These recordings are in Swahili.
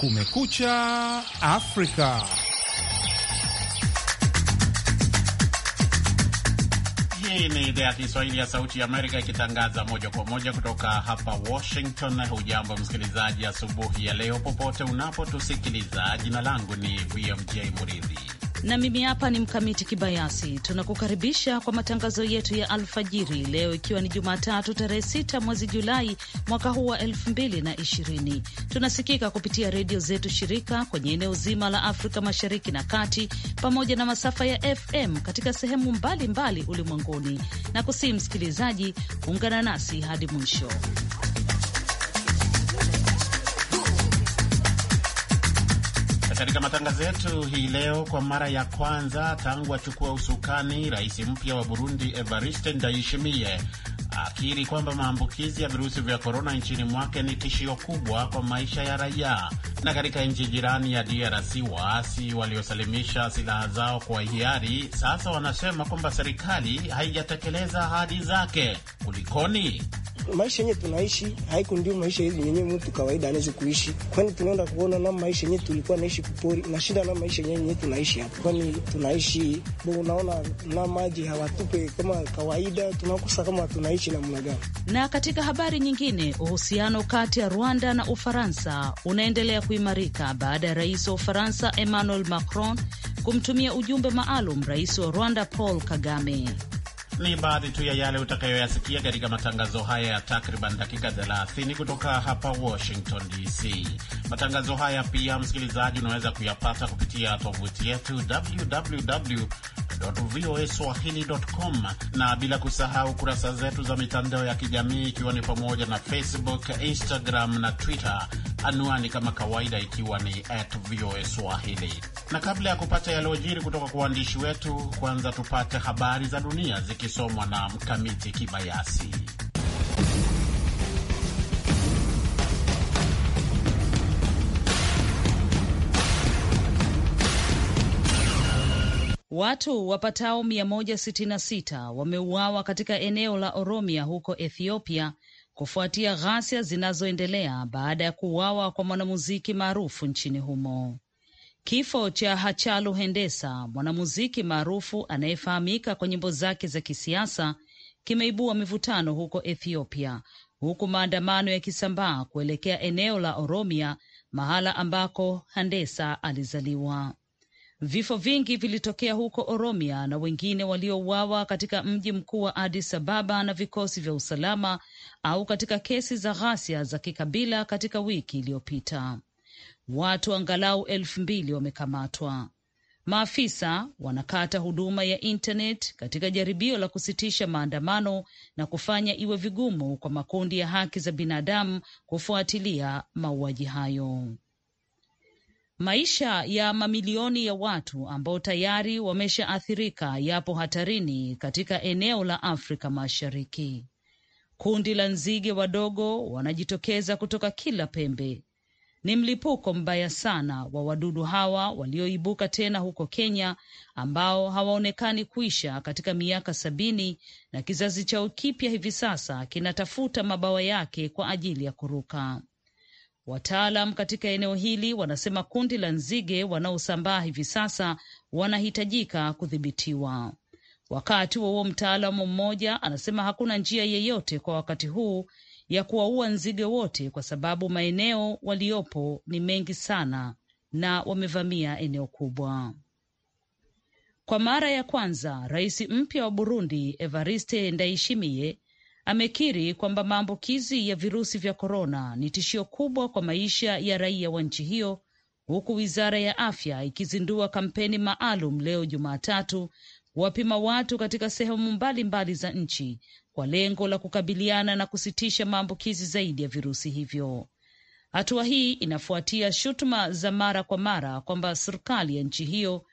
Kumekucha Afrika. Hii ni idhaa ya Kiswahili ya Sauti ya Amerika ikitangaza moja kwa moja kutoka hapa Washington. Hujambo msikilizaji, asubuhi ya leo popote unapotusikiliza. Jina langu ni BMJ Muridhi na mimi hapa ni Mkamiti Kibayasi. Tunakukaribisha kwa matangazo yetu ya alfajiri leo, ikiwa ni Jumatatu tarehe 6 mwezi Julai mwaka huu wa 2020. Tunasikika kupitia redio zetu shirika kwenye eneo zima la Afrika Mashariki na Kati, pamoja na masafa ya FM katika sehemu mbalimbali ulimwenguni, na kusihi msikilizaji, ungana nasi hadi mwisho. Katika matangazo yetu hii leo, kwa mara ya kwanza tangu achukua usukani, rais mpya wa Burundi Evariste Ndayishimiye akiri kwamba maambukizi ya virusi vya korona nchini mwake ni tishio kubwa kwa maisha ya raia. Na katika nchi jirani ya DRC, waasi waliosalimisha silaha zao kwa hiari sasa wanasema kwamba serikali haijatekeleza ahadi zake. Kulikoni? maisha yenye tunaishi haiku ndio maisha hizi yenye mtu kawaida anaweza kuishi, kwani tunaenda kuona na maisha yenye tulikuwa naishi kupori na shida na maisha yenye tunaishi hapa, kwani tunaishi bo, unaona, na maji hawatupe kama kawaida, tunakosa kama tunaishi namna gani. Na katika habari nyingine, uhusiano kati ya Rwanda na Ufaransa unaendelea kuimarika baada ya rais wa Ufaransa Emmanuel Macron kumtumia ujumbe maalum rais wa Rwanda Paul Kagame. Ni baadhi tu ya yale utakayoyasikia katika matangazo haya ya takriban dakika 30 kutoka hapa Washington DC. Matangazo haya pia, msikilizaji, unaweza kuyapata kupitia tovuti yetu www voaswahili.com, na bila kusahau kurasa zetu za mitandao ya kijamii ikiwa ni pamoja na Facebook, Instagram na Twitter, anwani kama kawaida ikiwa ni at VOA Swahili. Na kabla ya kupata yaliyojiri kutoka kwa waandishi wetu, kwanza tupate habari za dunia zikisomwa na Mkamiti Kibayasi. Watu wapatao 166 wameuawa katika eneo la Oromia huko Ethiopia kufuatia ghasia zinazoendelea baada ya kuuawa kwa mwanamuziki maarufu nchini humo. Kifo cha Hachalu Hendesa, mwanamuziki maarufu anayefahamika kwa nyimbo zake za kisiasa, kimeibua mivutano huko Ethiopia, huku maandamano yakisambaa kuelekea eneo la Oromia, mahala ambako Handesa alizaliwa. Vifo vingi vilitokea huko Oromia na wengine waliouawa katika mji mkuu wa Addis Ababa na vikosi vya usalama au katika kesi za ghasia za kikabila katika wiki iliyopita. Watu angalau elfu mbili wamekamatwa. Maafisa wanakata huduma ya intanet katika jaribio la kusitisha maandamano na kufanya iwe vigumu kwa makundi ya haki za binadamu kufuatilia mauaji hayo. Maisha ya mamilioni ya watu ambao tayari wameshaathirika yapo hatarini katika eneo la Afrika Mashariki. Kundi la nzige wadogo wanajitokeza kutoka kila pembe. Ni mlipuko mbaya sana wa wadudu hawa walioibuka tena huko Kenya, ambao hawaonekani kuisha katika miaka sabini, na kizazi chao kipya hivi sasa kinatafuta mabawa yake kwa ajili ya kuruka. Wataalam katika eneo hili wanasema kundi la nzige wanaosambaa hivi sasa wanahitajika kudhibitiwa. Wakati wa huo, mtaalamu mmoja anasema hakuna njia yeyote kwa wakati huu ya kuwaua nzige wote kwa sababu maeneo waliopo ni mengi sana na wamevamia eneo kubwa. Kwa mara ya kwanza, rais mpya wa Burundi Evariste Ndayishimiye amekiri kwamba maambukizi ya virusi vya korona ni tishio kubwa kwa maisha ya raia wa nchi hiyo, huku wizara ya afya ikizindua kampeni maalum leo Jumatatu kuwapima watu katika sehemu mbalimbali za nchi kwa lengo la kukabiliana na kusitisha maambukizi zaidi ya virusi hivyo. Hatua hii inafuatia shutuma za mara kwa mara kwamba serikali ya nchi hiyo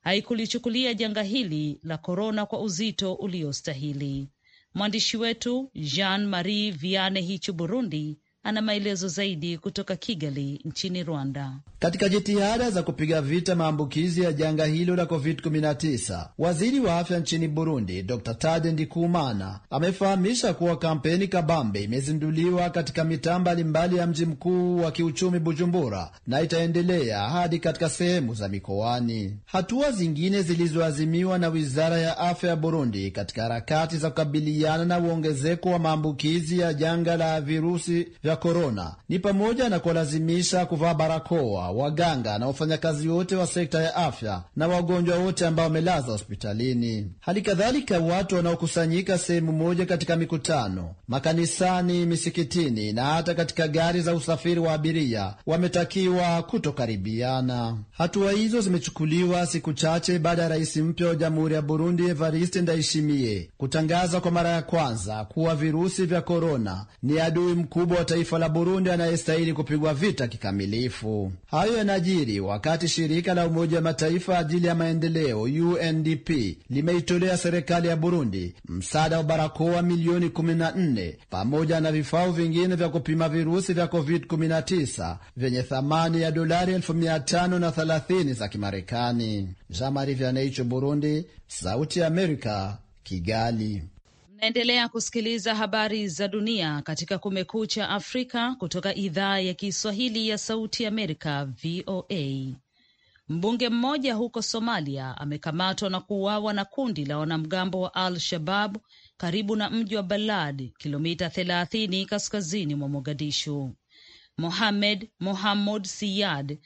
haikulichukulia janga hili la korona kwa uzito uliostahili. Mwandishi wetu Jean Marie viane Hichu Burundi ana maelezo zaidi kutoka Kigali nchini Rwanda. Katika jitihada za kupiga vita maambukizi ya janga hilo la COVID-19, waziri wa afya nchini Burundi Dr Tade Ndikumana amefahamisha kuwa kampeni kabambe imezinduliwa katika mitaa mbalimbali ya mji mkuu wa kiuchumi Bujumbura na itaendelea hadi katika sehemu za mikoani. Hatua zingine zilizoazimiwa na wizara ya afya ya Burundi katika harakati za kukabiliana na uongezeko wa maambukizi ya janga la virusi vya vya korona ni pamoja na kuwalazimisha kuvaa barakoa waganga na wafanyakazi wote wa sekta ya afya na wagonjwa wote ambao wamelaza hospitalini. Hali kadhalika watu wanaokusanyika sehemu moja katika mikutano, makanisani, misikitini na hata katika gari za usafiri wa abiria wametakiwa kutokaribiana. Hatua hizo zimechukuliwa siku chache baada ya rais mpya wa jamhuri ya Burundi Evariste Ndayishimiye kutangaza kwa mara ya kwanza kuwa virusi vya korona ni adui mkubwa wa taifa la Burundi anayestahili kupigwa vita kikamilifu. Hayo yanajiri wakati shirika la Umoja wa Mataifa ajili ya maendeleo UNDP limeitolea serikali ya Burundi msaada wa barakoa milioni 14 pamoja na vifaa vingine vya kupima virusi vya COVID-19 vyenye thamani ya dolari 530 za Kimarekani. Burundi, Sauti ya Amerika, Kigali. Naendelea kusikiliza habari za dunia katika Kumekucha Afrika kutoka idhaa ya Kiswahili ya Sauti Amerika, VOA. Mbunge mmoja huko Somalia amekamatwa na kuuawa na kundi la wanamgambo wa Al Shabab karibu na mji wa Balad, kilomita 30 kaskazini mwa Mogadishu. Mohamed Mohamud Siyad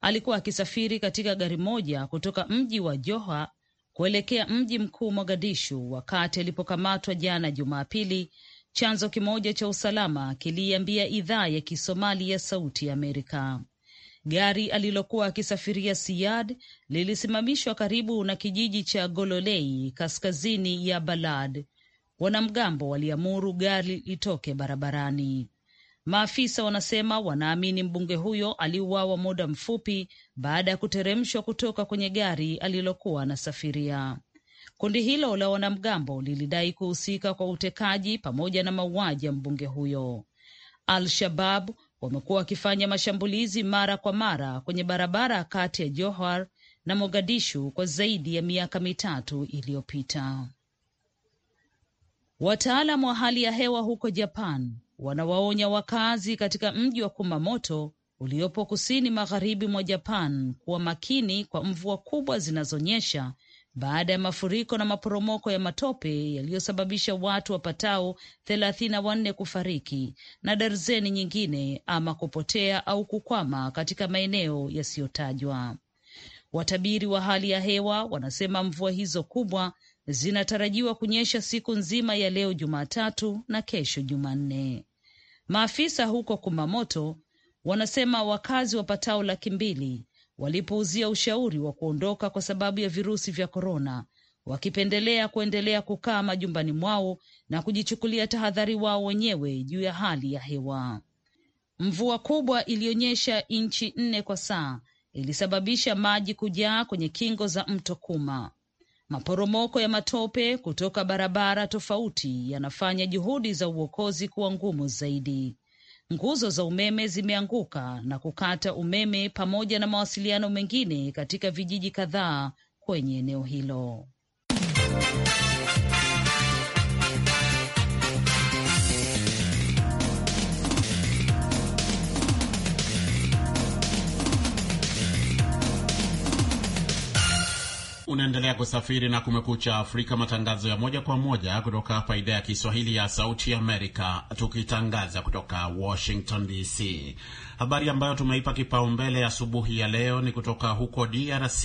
alikuwa akisafiri katika gari moja kutoka mji wa Joha kuelekea mji mkuu Mogadishu wakati alipokamatwa jana Jumapili. Chanzo kimoja cha usalama kiliiambia idhaa ya Kisomali ya Sauti ya Amerika gari alilokuwa akisafiria siyad lilisimamishwa karibu na kijiji cha Gololei kaskazini ya Balad. Wanamgambo waliamuru gari litoke barabarani. Maafisa wanasema wanaamini mbunge huyo aliuawa muda mfupi baada ya kuteremshwa kutoka kwenye gari alilokuwa anasafiria. Kundi hilo la wanamgambo lilidai kuhusika kwa utekaji pamoja na mauaji ya mbunge huyo. Al-Shabab wamekuwa wakifanya mashambulizi mara kwa mara kwenye barabara kati ya Johar na Mogadishu kwa zaidi ya miaka mitatu iliyopita. wataalam wa hali ya hewa huko Japan wanawaonya wakazi katika mji wa Kumamoto uliopo kusini magharibi mwa Japan kuwa makini kwa mvua kubwa zinazonyesha baada ya mafuriko na maporomoko ya matope yaliyosababisha watu wapatao thelathini na wanne kufariki na darzeni nyingine ama kupotea au kukwama katika maeneo yasiyotajwa. Watabiri wa hali ya hewa wanasema mvua hizo kubwa zinatarajiwa kunyesha siku nzima ya leo Jumatatu na kesho Jumanne. Maafisa huko Kumamoto wanasema wakazi wapatao laki mbili walipouzia ushauri wa kuondoka kwa sababu ya virusi vya korona, wakipendelea kuendelea kukaa majumbani mwao na kujichukulia tahadhari wao wenyewe juu ya hali ya hewa. Mvua kubwa iliyonyesha inchi nne kwa saa ilisababisha maji kujaa kwenye kingo za mto Kuma. Maporomoko ya matope kutoka barabara tofauti yanafanya juhudi za uokozi kuwa ngumu zaidi. Nguzo za umeme zimeanguka na kukata umeme pamoja na mawasiliano mengine katika vijiji kadhaa kwenye eneo hilo. Unaendelea kusafiri na Kumekucha Afrika, matangazo ya moja kwa moja kutoka hapa idhaa ya Kiswahili ya Sauti Amerika, tukitangaza kutoka Washington DC. Habari ambayo tumeipa kipaumbele asubuhi ya, ya leo ni kutoka huko DRC.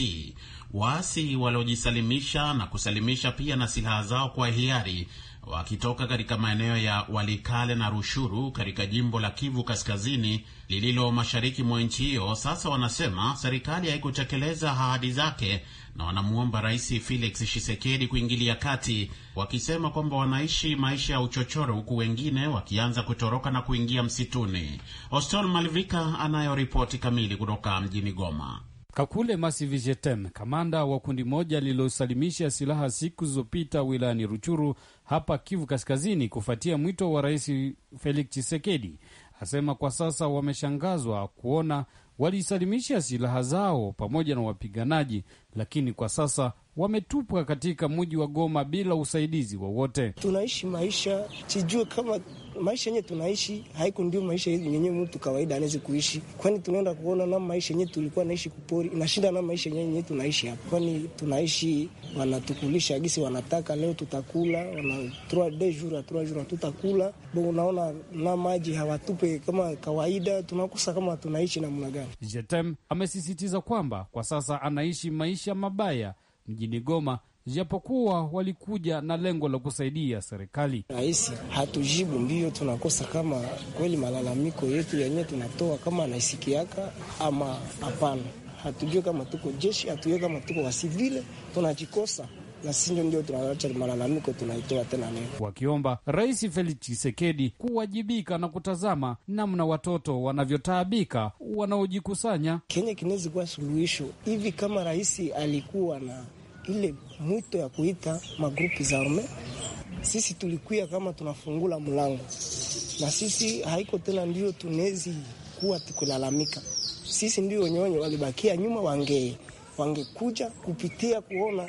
Waasi waliojisalimisha na kusalimisha pia na silaha zao kwa hiari wakitoka katika maeneo ya Walikale na Rushuru katika jimbo la Kivu Kaskazini lililo mashariki mwa nchi hiyo. Sasa wanasema serikali haikutekeleza ahadi zake na wanamwomba Rais Felix Tshisekedi kuingilia kati, wakisema kwamba wanaishi maisha ya uchochoro, huku wengine wakianza kutoroka na kuingia msituni. Ostol Malivika anayo ripoti kamili kutoka mjini Goma. Kakule Masivi Jetem, kamanda wa kundi moja lililosalimisha silaha siku zilizopita wilayani Ruchuru hapa Kivu Kaskazini, kufuatia mwito wa Rais Felix chisekedi asema kwa sasa wameshangazwa kuona walisalimisha silaha zao pamoja na wapiganaji, lakini kwa sasa wametupwa katika mji wa Goma bila usaidizi wowote. Tunaishi maisha sijue kama maisha yenyewe tunaishi haiko ndio maisha yenyewe mtu kawaida anaweza kuishi, kwani tunaenda kuona na maisha yenyewe tulikuwa naishi kupori inashinda na maisha yenyewe tunaishi hapa, kwani tunaishi wanatukulisha gisi wanataka. Leo tutakula wana trois deux jours trois jours tutakula bo, unaona na maji hawatupe kama kawaida, tunakosa kama tunaishi namna gani. Jetem amesisitiza kwamba kwa sasa anaishi maisha mabaya mjini Goma, japokuwa walikuja na lengo la kusaidia serikali. Rais hatujibu, ndiyo tunakosa kama kweli malalamiko yetu yenyewe tunatoa kama anaisikiaka ama hapana. Hatujue kama tuko jeshi, hatujue kama tuko wasivile, tunajikosa na sinyo ndio tunaacha malalamiko, tunaitoa tena leo, wakiomba Rais Felix Tshisekedi kuwajibika na kutazama namna watoto wanavyotaabika wanaojikusanya. Kenya kinawezi kuwa suluhisho hivi kama rais alikuwa na ile mwito ya kuita magrupu za arme, sisi tulikuya kama tunafungula mlango, na sisi haiko tena ndio tunezi kuwa tukulalamika. Sisi ndio wenyewenye walibakia nyuma, wange wangekuja kupitia kuona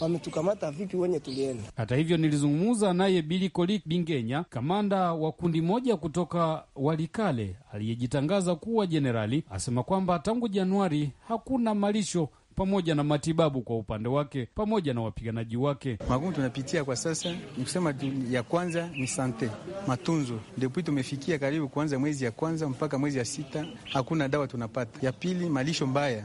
wametukamata vipi wenye tulienda? Hata hivyo, nilizungumza naye Bili Kolik Bingenya, kamanda wa kundi moja kutoka Walikale aliyejitangaza kuwa jenerali, asema kwamba tangu Januari hakuna malisho pamoja na matibabu kwa upande wake pamoja na wapiganaji wake. Magumu tunapitia kwa sasa ni kusema ya kwanza ni sante, matunzo. depui, tumefikia karibu kuanza mwezi ya kwanza mpaka mwezi ya sita, hakuna dawa tunapata. Ya pili malisho mbaya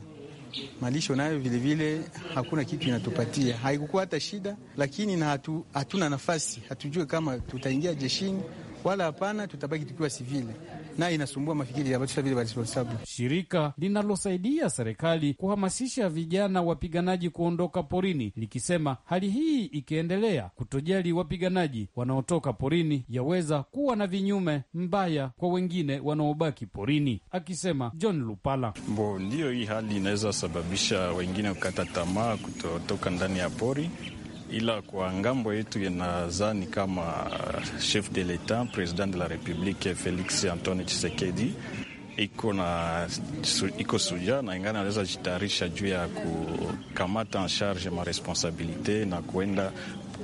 malisho nayo vilevile hakuna kitu inatupatia, haikukuwa hata shida, lakini na hatu, hatuna nafasi, hatujue kama tutaingia jeshini wala hapana, tutabaki tukiwa sivile nayo inasumbua mafikiri ya vile responsible. Shirika linalosaidia serikali kuhamasisha vijana wapiganaji kuondoka porini likisema hali hii ikiendelea, kutojali wapiganaji wanaotoka porini yaweza kuwa na vinyume mbaya kwa wengine wanaobaki porini, akisema John Lupala. Mbo, ndiyo hii hali inaweza sababisha wengine kukata tamaa kutotoka ndani ya pori ila kwa ngambo yetu inazani kama uh, chef de l'etat president de la republique Felix Antoine Tshisekedi iko na iko suja na ingana anaweza jitayarisha juu ya kukamata en charge ma responsabilite na kuenda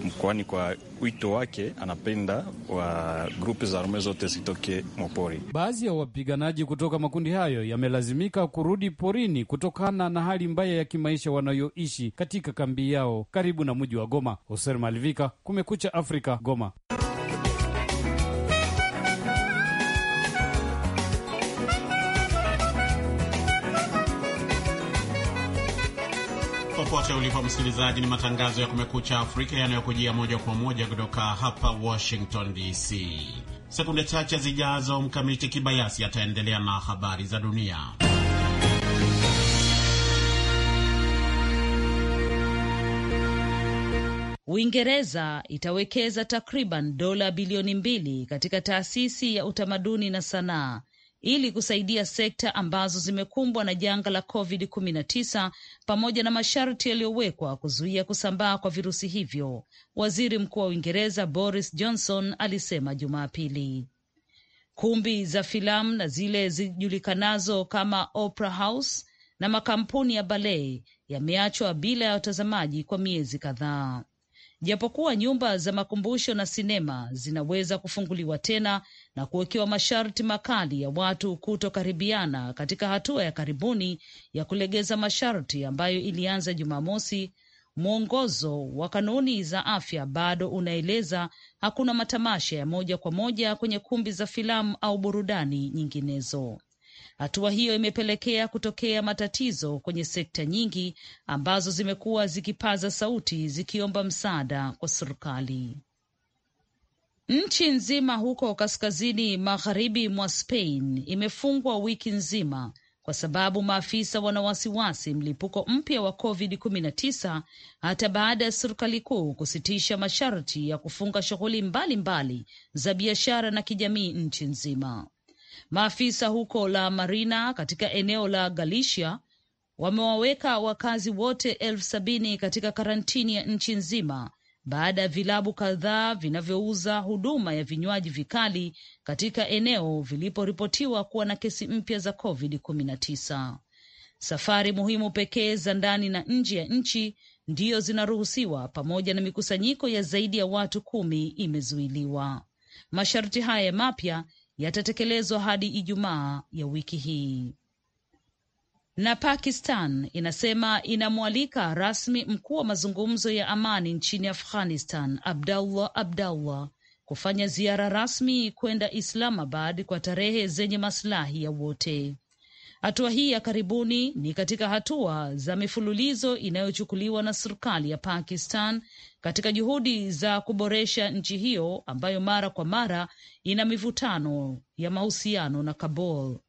mkoani kwa wito wake anapenda wa grupu za arume zote zitoke mopori. Baadhi ya wapiganaji kutoka makundi hayo yamelazimika kurudi porini kutokana na hali mbaya ya kimaisha wanayoishi katika kambi yao karibu na mji wa Goma. Hoser Malivika, Kumekucha Afrika, Goma. popote ulipo msikilizaji, ni matangazo ya Kumekucha Afrika yanayokujia moja kwa moja kutoka hapa Washington DC. Sekunde chache zijazo, Mkamiti Kibayasi ataendelea na habari za dunia. Uingereza itawekeza takriban dola bilioni mbili katika taasisi ya utamaduni na sanaa ili kusaidia sekta ambazo zimekumbwa na janga la COVID-19 pamoja na masharti yaliyowekwa kuzuia kusambaa kwa virusi hivyo, waziri mkuu wa Uingereza Boris Johnson alisema Jumapili. Kumbi za filamu na zile zijulikanazo kama Opera House na makampuni ya balei yameachwa bila ya watazamaji kwa miezi kadhaa japokuwa nyumba za makumbusho na sinema zinaweza kufunguliwa tena na kuwekewa masharti makali ya watu kutokaribiana katika hatua ya karibuni ya kulegeza masharti ambayo ilianza Jumamosi. Mwongozo wa kanuni za afya bado unaeleza hakuna matamasha ya moja kwa moja kwenye kumbi za filamu au burudani nyinginezo. Hatua hiyo imepelekea kutokea matatizo kwenye sekta nyingi ambazo zimekuwa zikipaza sauti zikiomba msaada kwa serikali. Nchi nzima huko kaskazini magharibi mwa Spain imefungwa wiki nzima kwa sababu maafisa wana wasiwasi mlipuko mpya wa COVID-19 hata baada ya serikali kuu kusitisha masharti ya kufunga shughuli mbalimbali za biashara na kijamii nchi nzima. Maafisa huko La Marina katika eneo la Galicia wamewaweka wakazi wote elfu sabini katika karantini ya nchi nzima baada ya vilabu kadhaa vinavyouza huduma ya vinywaji vikali katika eneo viliporipotiwa kuwa na kesi mpya za COVID-19. Safari muhimu pekee za ndani na nje ya nchi ndiyo zinaruhusiwa pamoja na mikusanyiko ya zaidi ya watu kumi imezuiliwa. Masharti haya mapya yatatekelezwa hadi Ijumaa ya wiki hii. Na Pakistan inasema inamwalika rasmi mkuu wa mazungumzo ya amani nchini Afghanistan Abdullah Abdullah kufanya ziara rasmi kwenda Islamabad kwa tarehe zenye masilahi ya wote. Hatua hii ya karibuni ni katika hatua za mifululizo inayochukuliwa na serikali ya Pakistan katika juhudi za kuboresha nchi hiyo ambayo mara kwa mara ina mivutano ya mahusiano na Kabul.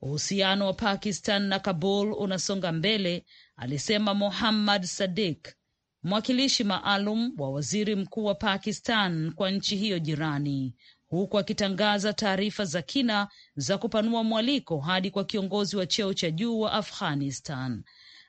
Uhusiano wa Pakistan na Kabul unasonga mbele, alisema muhammad Sadik, mwakilishi maalum wa waziri mkuu wa Pakistan kwa nchi hiyo jirani huku akitangaza taarifa za kina za kupanua mwaliko hadi kwa kiongozi wa cheo cha juu wa Afghanistan.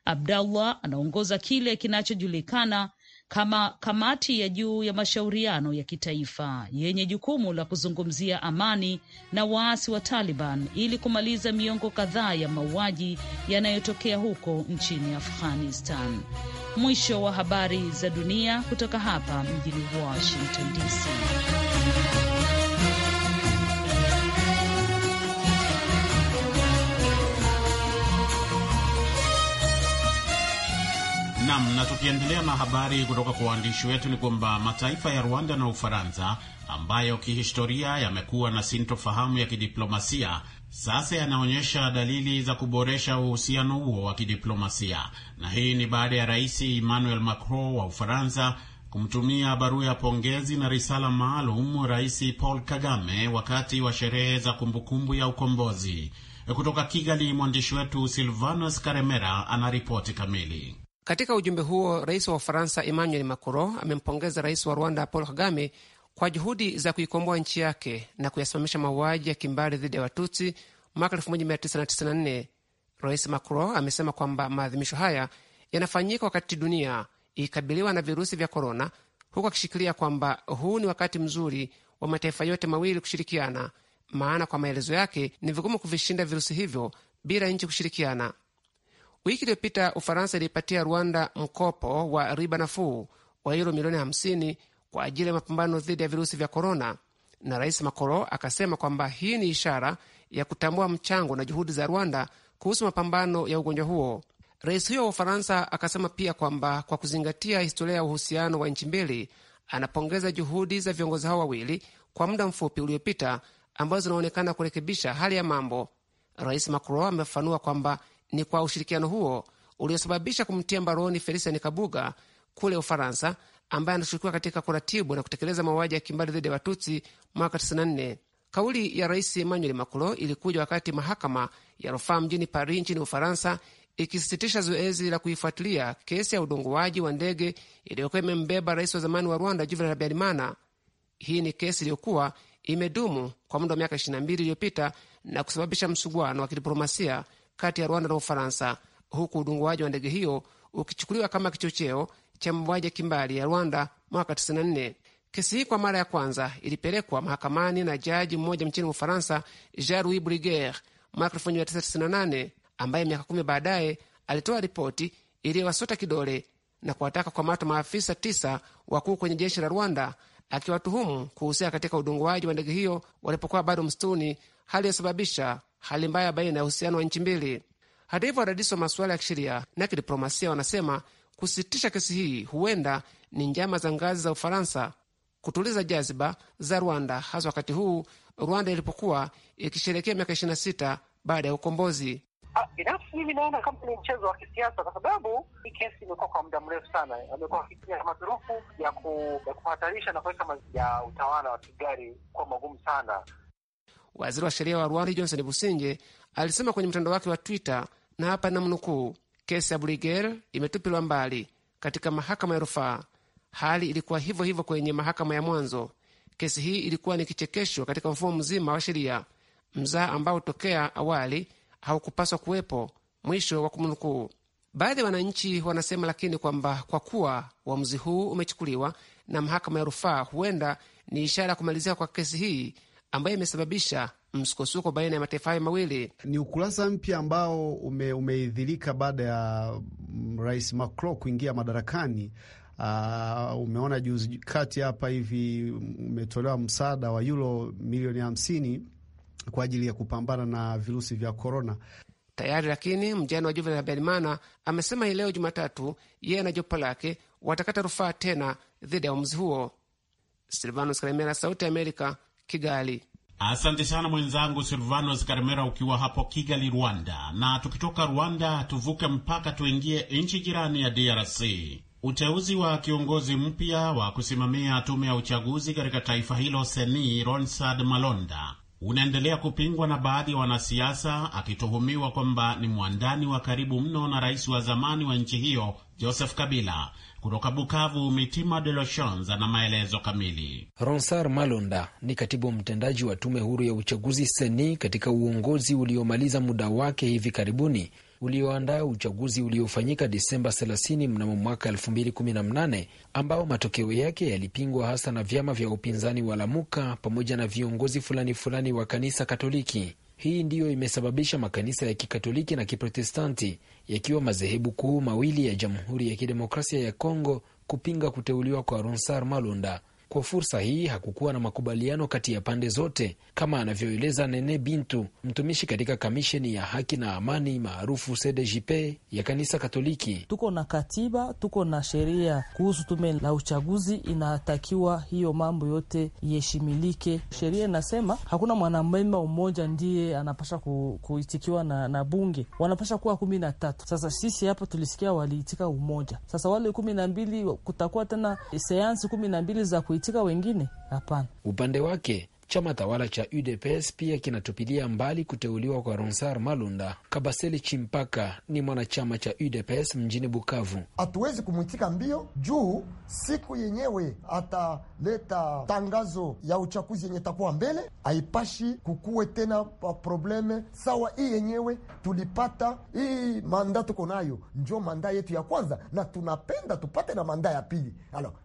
Abdallah anaongoza kile kinachojulikana kama kamati ya juu ya mashauriano ya kitaifa yenye jukumu la kuzungumzia amani na waasi wa Taliban ili kumaliza miongo kadhaa ya mauaji yanayotokea huko nchini Afghanistan. Mwisho wa habari za dunia kutoka hapa mjini Washington DC. Nam, na tukiendelea na habari kutoka kwa waandishi wetu ni kwamba mataifa ya Rwanda na Ufaransa ambayo kihistoria yamekuwa na sintofahamu ya kidiplomasia sasa yanaonyesha dalili za kuboresha uhusiano huo wa kidiplomasia, na hii ni baada ya Rais Emmanuel Macron wa Ufaransa kumtumia barua ya pongezi na risala maalum Rais Paul Kagame wakati wa sherehe za kumbukumbu ya ukombozi. Kutoka Kigali, mwandishi wetu Silvanus Karemera anaripoti kamili. Katika ujumbe huo, rais wa Ufaransa Emmanuel Macron amempongeza rais wa Rwanda Paul Kagame kwa juhudi za kuikomboa nchi yake na kuyasimamisha mauaji ya kimbari dhidi ya Watutsi mwaka 1994. Rais Macron amesema kwamba maadhimisho haya yanafanyika wakati dunia ikikabiliwa na virusi vya korona, huku akishikilia kwamba huu ni wakati mzuri wa mataifa yote mawili kushirikiana, maana kwa maelezo yake ni vigumu kuvishinda virusi hivyo bila nchi kushirikiana. Wiki iliyopita Ufaransa ilipatia Rwanda mkopo wa riba nafuu wa euro milioni 50 kwa ajili ya mapambano dhidi ya virusi vya korona, na Rais Macron akasema kwamba hii ni ishara ya kutambua mchango na juhudi za Rwanda kuhusu mapambano ya ugonjwa huo. Rais huyo wa Ufaransa akasema pia kwamba kwa kuzingatia historia ya uhusiano wa nchi mbili, anapongeza juhudi za viongozi hao wawili kwa muda mfupi uliopita ambazo zinaonekana kurekebisha hali ya mambo. Rais Macron amefafanua kwamba ni kwa ushirikiano huo uliosababisha kumtia mbaroni Felisen Kabuga kule Ufaransa, ambaye anashukiwa katika kuratibu na kutekeleza mauaji ya kimbari dhidi ya Watutsi mwaka 94. Kauli ya Rais Emmanuel Macron ilikuja wakati mahakama ya rufaa mjini Paris nchini Ufaransa ikisisitisha zoezi la kuifuatilia kesi ya udunguaji wa ndege iliyokuwa imembeba rais wa zamani wa Rwanda Juvenal Habyarimana. Hii ni kesi iliyokuwa imedumu kwa muda wa miaka 22 iliyopita na kusababisha msuguano wa kidiplomasia kati ya Rwanda na Ufaransa, huku udunguaji wa ndege hiyo ukichukuliwa kama kichocheo cha mauaji ya kimbali ya Rwanda mwaka 94. Kesi hii kwa mara ya kwanza ilipelekwa mahakamani na jaji mmoja mchini Ufaransa, Jean Louis Bruguiere mwaka 1998, ambaye miaka kumi baadaye alitoa ripoti iliyowasota kidole na kuwataka kwa mato maafisa tisa wakuu kwenye jeshi la Rwanda akiwatuhumu kuhusika katika udunguaji wa ndege hiyo walipokuwa bado msituni, hali iliyosababisha hali mbaya baina ya uhusiano wa nchi mbili. Hata hivyo, wadadisi wa masuala ya kisheria na kidiplomasia wanasema kusitisha kesi hii huenda ni njama za ngazi za Ufaransa kutuliza jaziba za Rwanda, hasa wakati huu Rwanda ilipokuwa ikisherekea miaka na sita baada ya ukombozi. Ah, binafsi mimi naona kama ni mchezo wa kisiasa, kwa sababu hii kesi imekuwa kwa muda mrefu sana, amekuwa wakitumia maturufu ya kuhatarisha na kuweka ya utawala wa Kigari kuwa magumu sana Waziri wa sheria wa Rwanda Johnson Businge alisema kwenye mtandao wake wa Twitter, na hapa namnukuu: kesi ya brigel imetupilwa mbali katika mahakama ya rufaa. Hali ilikuwa hivyo hivyo kwenye mahakama ya mwanzo. Kesi hii ilikuwa ni kichekesho katika mfumo mzima wa sheria, mzaa ambao tokea awali haukupaswa kuwepo. Mwisho wa kumnukuu. Baadhi ya wananchi wanasema lakini kwamba kwa kuwa uamuzi huu umechukuliwa na mahakama ya rufaa, huenda ni ishara ya kumalizika kwa kesi hii ambayo imesababisha msukosuko baina ya mataifa hayo mawili. Ni ukurasa mpya ambao ume, umeidhirika baada ya mm, Rais Macron kuingia madarakani. Uh, umeona juzi kati hapa hivi umetolewa msaada wa yuro milioni hamsini kwa ajili ya kupambana na virusi vya korona tayari. Lakini mjane wa Juvenal Habyarimana amesema hii leo Jumatatu yeye na jopo lake watakata rufaa tena dhidi ya uamuzi huo. Silvanus Kalemera, Sauti ya Amerika, Kigali. Asante sana mwenzangu Silvanos Karemera ukiwa hapo Kigali, Rwanda. Na tukitoka Rwanda tuvuke mpaka tuingie nchi jirani ya DRC. Uteuzi wa kiongozi mpya wa kusimamia tume ya uchaguzi katika taifa hilo, Seni Ronsard Malonda unaendelea kupingwa na baadhi ya wanasiasa, akituhumiwa kwamba ni mwandani wa karibu mno na rais wa zamani wa nchi hiyo Joseph Kabila. Kutoka Bukavu, Mitima de loshans ana maelezo kamili. Ronsar Malonda ni katibu mtendaji wa tume huru ya uchaguzi seni katika uongozi uliomaliza muda wake hivi karibuni ulioandaa uchaguzi uliofanyika Desemba 30 mnamo mwaka 2018 ambao matokeo yake yalipingwa hasa na vyama vya upinzani wa Lamuka pamoja na viongozi fulani fulani wa kanisa Katoliki. Hii ndiyo imesababisha makanisa ya Kikatoliki na Kiprotestanti yakiwa madhehebu kuu mawili ya Jamhuri ya Kidemokrasia ya Kongo kupinga kuteuliwa kwa Ronsard Malonda kwa fursa hii hakukuwa na makubaliano kati ya pande zote, kama anavyoeleza Nene Bintu, mtumishi katika kamisheni ya haki na amani maarufu CDJP ya kanisa Katoliki. Tuko na katiba, tuko na sheria kuhusu tume la uchaguzi, inatakiwa hiyo mambo yote iheshimilike. Sheria inasema hakuna mwanamemba mmoja ndiye anapasha ku, kuitikiwa na, na bunge, wanapasha kuwa kumi na tatu. Sasa sisi hapa tulisikia waliitika umoja, sasa wale kumi na mbili kutakuwa tena seansi kumi na mbili za kuitika katika wengine hapana. Upande wake Chama tawala cha UDPS pia kinatupilia mbali kuteuliwa kwa Ronsar Malunda. Kabaseli Chimpaka ni mwanachama cha UDPS mjini Bukavu. Hatuwezi kumwitika mbio juu siku yenyewe ataleta tangazo ya uchaguzi yenye takuwa mbele, haipashi kukuwe tena probleme sawa. Hii yenyewe tulipata, hii manda tuko nayo, njo manda yetu ya kwanza, na tunapenda tupate na manda ya pili.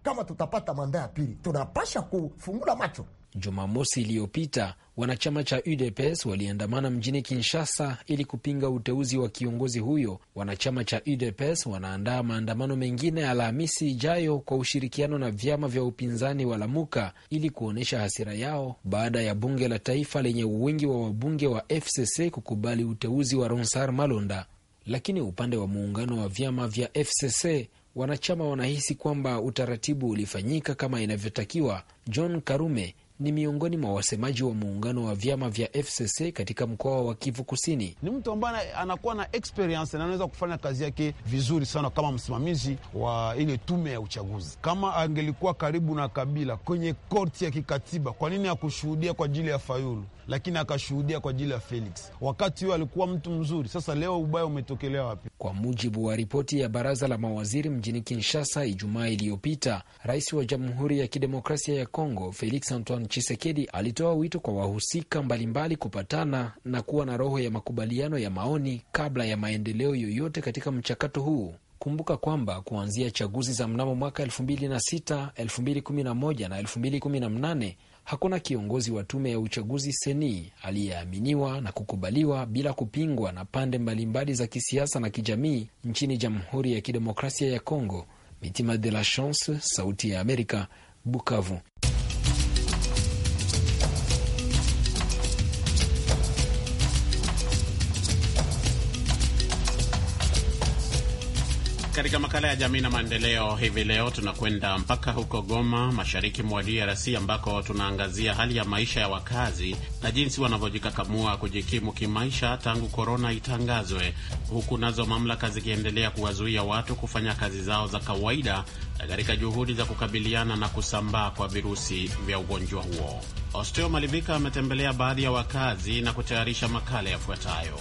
kama tutapata manda ya pili, tunapasha kufungula macho Jumamosi iliyopita wanachama cha UDPS waliandamana mjini Kinshasa ili kupinga uteuzi wa kiongozi huyo. Wanachama cha UDPS wanaandaa maandamano mengine Alhamisi ijayo kwa ushirikiano na vyama vya upinzani wa Lamuka ili kuonyesha hasira yao baada ya bunge la taifa lenye wingi wa wabunge wa FCC kukubali uteuzi wa Ronsar Malonda. Lakini upande wa muungano wa vyama vya FCC wanachama wanahisi kwamba utaratibu ulifanyika kama inavyotakiwa. John Karume ni miongoni mwa wasemaji wa muungano wa vyama vya FCC katika mkoa wa Kivu Kusini. Ni mtu ambaye anakuwa na experience na anaweza kufanya kazi yake vizuri sana kama msimamizi wa ile tume ya uchaguzi. Kama angelikuwa karibu na Kabila kwenye korti ya kikatiba, kwa nini hakushuhudia kwa ajili ya Fayulu? lakini akashuhudia kwa ajili ya Felix. Wakati huo alikuwa mtu mzuri, sasa leo ubaya umetokelea wapi? Kwa mujibu wa ripoti ya baraza la mawaziri mjini Kinshasa Ijumaa iliyopita, rais wa Jamhuri ya Kidemokrasia ya Kongo Felix Antoine chisekedi alitoa wito kwa wahusika mbalimbali kupatana na kuwa na roho ya makubaliano ya maoni kabla ya maendeleo yoyote katika mchakato huu. Kumbuka kwamba kuanzia chaguzi za mnamo mwaka 2006, 2011 na 2018 hakuna kiongozi wa tume ya uchaguzi seni aliyeaminiwa na kukubaliwa bila kupingwa na pande mbalimbali za kisiasa na kijamii nchini Jamhuri ya Kidemokrasia ya Kongo. Mitima de la Chance, Sauti ya Amerika, Bukavu. Katika makala ya jamii na maendeleo hivi leo tunakwenda mpaka huko Goma, mashariki mwa DRC, ambako tunaangazia hali ya maisha ya wakazi na jinsi wanavyojikakamua kujikimu kimaisha tangu korona itangazwe, huku nazo mamlaka zikiendelea kuwazuia watu kufanya kazi zao za kawaida katika juhudi za kukabiliana na kusambaa kwa virusi vya ugonjwa huo. Osteo Malivika ametembelea baadhi ya wakazi na kutayarisha makala yafuatayo.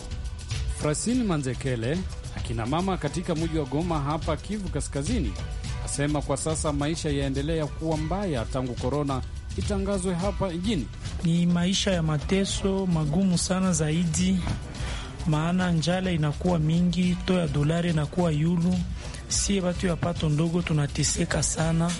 Frasin Manzekele mama katika mji wa Goma hapa Kivu Kaskazini, asema kwa sasa maisha yaendelea kuwa mbaya tangu korona itangazwe hapa nchini. Ni maisha ya mateso magumu sana zaidi, maana njala inakuwa mingi, to ya dolari inakuwa yulu. Sie watu ya pato ndogo tunateseka sana,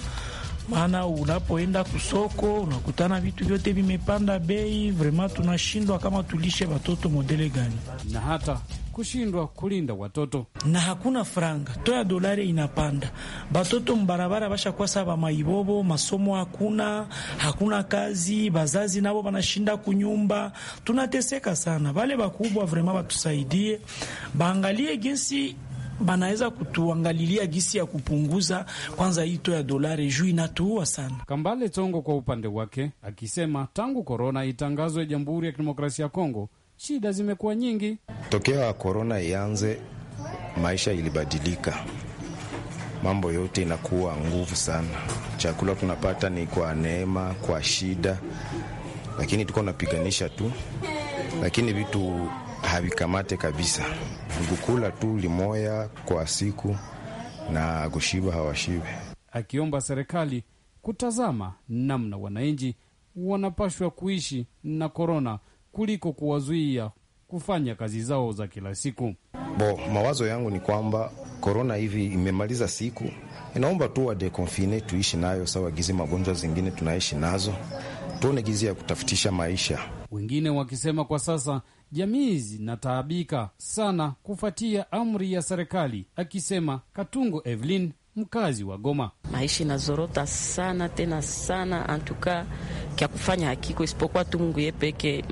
maana unapoenda kusoko unakutana vitu vyote vimepanda bei, vrema tunashindwa kama tulishe watoto modele gani, na hata kushindwa kulinda watoto na hakuna franga to ya dolari inapanda batoto mbarabara basha bashakwasa maibobo, masomo hakuna hakuna kazi bazazi nabo banashinda kunyumba tunateseka sana vale bakubwa vrema batusaidie baangalie jinsi banaweza kutuangalilia gisi ya kupunguza kwanza hito ya dolari juu inatuua sana. Kambale Tongo kwa upande wake akisema tangu korona itangazwe Jamhuri ya Kidemokrasia ya Kongo shida zimekuwa nyingi. tokeo ya korona ianze, maisha ilibadilika, mambo yote inakuwa nguvu sana. Chakula tunapata ni kwa neema, kwa shida, lakini tuko napiganisha tu, lakini vitu havikamate kabisa, nikukula tu limoya kwa siku na kushiba hawashibe, akiomba serikali kutazama namna wananchi wanapashwa kuishi na korona kuliko kuwazuia kufanya kazi zao za kila siku. Bo, mawazo yangu ni kwamba korona hivi imemaliza siku, inaomba tu wadekonfine, tuishi nayo sawa gizi magonjwa zingine tunaishi nazo, tuone gizi ya kutafutisha maisha. Wengine wakisema kwa sasa jamii zinataabika sana kufuatia amri ya serikali, akisema Katungo Evelyn, mkazi wa Goma. Maisha inazorota sana tena sana, antuka kya kufanya hakiko isipokuwa tu Mungu -mm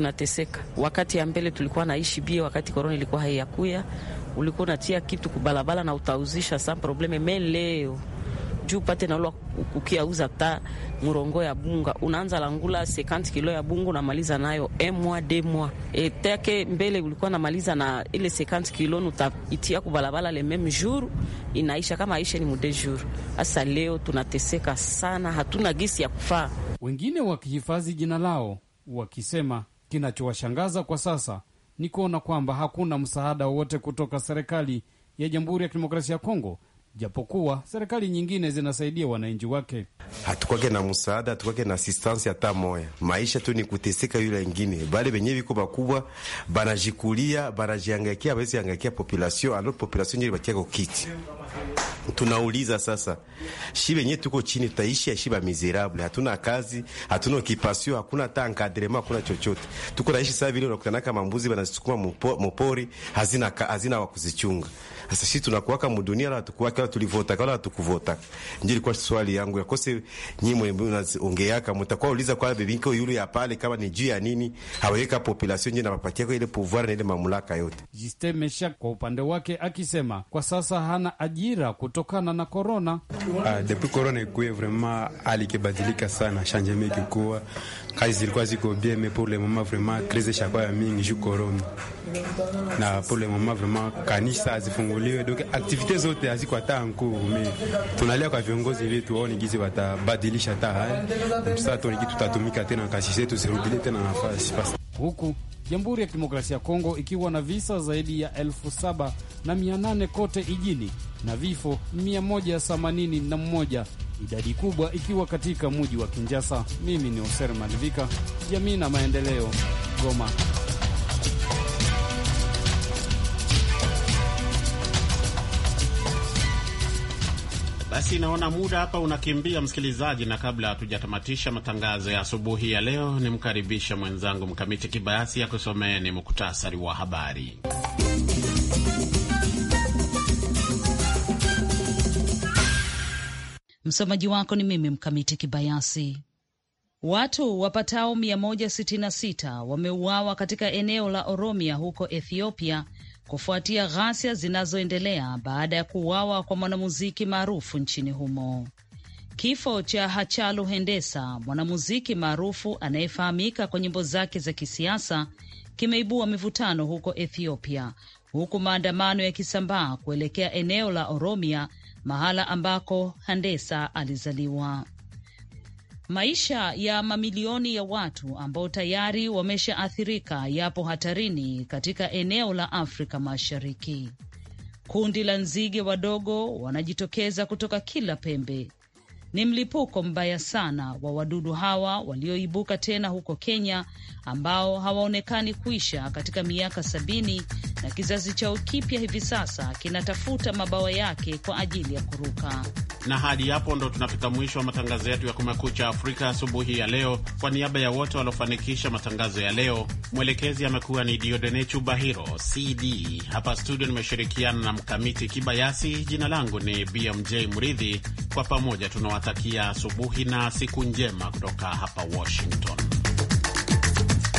tunateseka. Wakati ya mbele tulikuwa naishi bie, wakati korona ilikuwa haiyakuya, ulikuwa unatia kitu kubalabala na utauzisha sa probleme. Me leo juu pate naula ukiauza ta murongo ya bunga unaanza langula 50 kilo ya bungu namaliza nayo emwa demwa take mbele ulikuwa namaliza na ile 50 kilo nutaitia kubalabala le meme jour inaisha kama ishe ni mude jour. Hasa leo tunateseka sana, hatuna gisi ya kufaa. Wengine wakihifadhi jina lao wakisema Kinachowashangaza kwa sasa ni kuona kwamba hakuna msaada wowote kutoka serikali ya Jamhuri ya Kidemokrasia ya Kongo japokuwa serikali nyingine zinasaidia wananchi wake. Hatukwake na msaada, hatukwake na asistansi hata moya. Maisha tu ni kuteseka yule ingine, bali venye viko bakubwa banajikulia banajiangaikia, basi angaikia population alo populasio ile batiako kiti. Tunauliza sasa, shi venye tuko chini tutaishi ya shiba miserable, hatuna kazi, hatuna occupation, hakuna hata nkadrema, hakuna chochote. Tuko naishi saa vile unakutanaka mambuzi banazisukuma mupori, hazina hazina wakuzichunga. Sasa sisi tunakuwaka mudunia la tukuwaka tulivota kala tukuvota. Ndio ilikuwa swali yangu ya kose nyinyi mwenyewe unaongeaka mtakuwa uliza kwa bibinko yule ya pale kama ni juu ya nini aweka population nje na mapatia kwa ile pouvoir na ile mamlaka yote. Jiste Mesha kwa upande wake akisema kwa sasa hana ajira kutokana na corona. Uh, depuis corona ikuwe vraiment alikibadilika sana, changement kikubwa kazi zilikuwa ziko bien mais pour le moment vraiment crise shakuwa ya mingi ju corona, na pour le moment vraiment kanisa zifunguliwe donc activite zote aziko hata nkuu. Mais tunalia kwa viongozi wetu waone gizi watabadilisha hata hali msato, tutatumika tena kasi zetu zirudile tena nafasi huku Jamhuri ya Kidemokrasia ya Kongo ikiwa na visa zaidi ya elfu saba na mia nane kote ijini na vifo 181 idadi kubwa ikiwa katika muji wa Kinjasa. Mimi ni Oser Malivika, jamii na maendeleo, Goma. Basi naona muda hapa unakimbia, msikilizaji, na kabla hatujatamatisha matangazo ya asubuhi ya leo, nimkaribishe mwenzangu Mkamiti Kibayasi akusomeeni muktasari wa habari. Msomaji wako ni mimi Mkamiti Kibayasi. Watu wapatao 166 wameuawa katika eneo la Oromia huko Ethiopia kufuatia ghasia zinazoendelea baada ya kuuawa kwa mwanamuziki maarufu nchini humo. Kifo cha Hachalu Hendesa, mwanamuziki maarufu anayefahamika kwa nyimbo zake za kisiasa, kimeibua mivutano huko Ethiopia, huku maandamano yakisambaa kuelekea eneo la Oromia, mahala ambako Handesa alizaliwa. Maisha ya mamilioni ya watu ambao tayari wameshaathirika yapo hatarini katika eneo la Afrika Mashariki. Kundi la nzige wadogo wanajitokeza kutoka kila pembe ni mlipuko mbaya sana wa wadudu hawa walioibuka tena huko Kenya, ambao hawaonekani kuisha katika miaka sabini, na kizazi chao kipya hivi sasa kinatafuta mabawa yake kwa ajili ya kuruka. Na hadi hapo ndo tunafika mwisho wa matangazo yetu ya Kumekucha Afrika asubuhi ya leo. Kwa niaba ya wote waliofanikisha matangazo ya leo, mwelekezi amekuwa ni Diodene Chubahiro CD. Hapa studio nimeshirikiana na Mkamiti Kibayasi. Jina langu ni BMJ Mridhi. Kwa pamoja tuna nawatakia asubuhi na siku njema kutoka hapa Washington.